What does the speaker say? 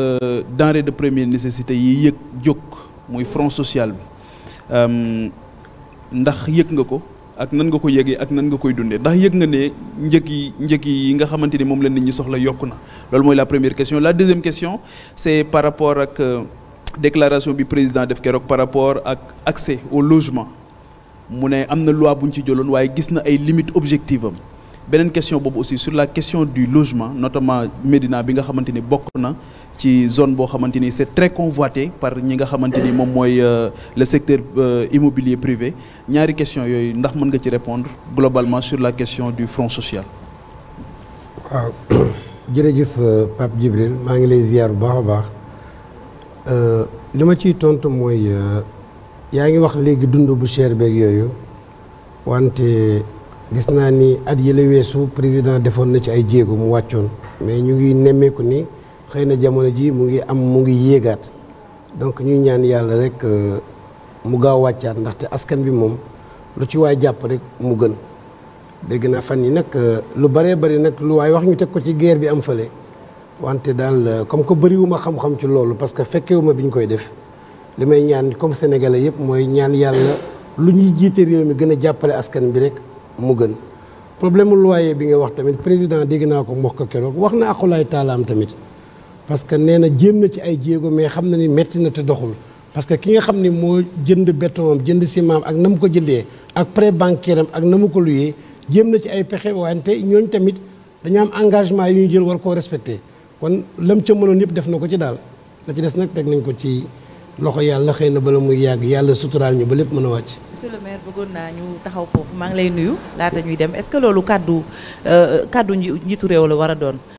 Euh, denrée de première nécessité yi yëg jóg muy front social bi euh, ndax yëg nga ko ak nan nga ko yëgee ak nan nga koy dundee ndax yëg nga ne njëg yi njëg yi nga xamante ni moom la nit ñi soxla yokk na loolu mooy la première question la deuxième question c'est par rapport ak euh, déclaration bi président def keroog par rapport ak accès au logement mu ne am na loi buñ ci joloon waaye gis na ay limites objectives am beneen question boobu aussi sur la question du logement notamment Médina bi nga xamante ni bokk na ci zone boo xamante ni c'est très convoité par ñi nga xamante ni moom mooy euh, le secteur euh, immobilier privé ñaari question yooyu ndax mën nga ci répondre globalement sur la question du front social waaw jërëjëf euh, Pape Djibril maa ngi lay ziar bu baax baax li ma ciy tontu mooy yaa ngi wax léegi dund bu cher beeg yooyu wante gis naa ni at yële weesu président defoon na ci ay jéego mu wàccoon mais ñu ngi nemmeeku ni xëy na jamono ji mu ngi am mu ngi yéegaat donc ñuy ñaan yàlla rek euh, mu gaaw wàccaat ndaxte askan bi moom lu ci waay jàpp rek mu gën dégg naa fan yi nag euh, lu bëree bari nag lu waay wax ñu teg ko ci guerre bi am fële wante daal euh, comme que bëriwuma xam-xam ci loolu parce que fekkewuma bi ñu koy def li may ñaan comme sénégalais yëpp mooy ñaan yàlla lu ñuy jiite réew mi gën a jàppale askan bi mu gën problème mu bi nga wax tamit président dégg naa ko mbokk keroog wax na akulaay taalaam tamit parce que nee na jéem na ci ay jéego mais xam na ni metti na te doxul parce que ki nga xam ni moo jënd béton jënd si maam ak na ko jëndee ak prêt bancaire am ak namu mu ko luyee jéem na ci ay pexe wante ñooñ tamit dañu am engagement yu ñu jël war koo respecté kon lam ca mënoon yëpp def na ko ci daal la ci des nag teg nañ ko ci. loxo yàlla xëy na bala muy yàgg yàlla suturaal ñu ba lépp mën a wàcc. monsieur le bëggoon naa ñu taxaw foofu maa ngi lay nuyu laata ñuy dem est-ce que loolu kàddu euh, kàddu njiitu réew la war a doon.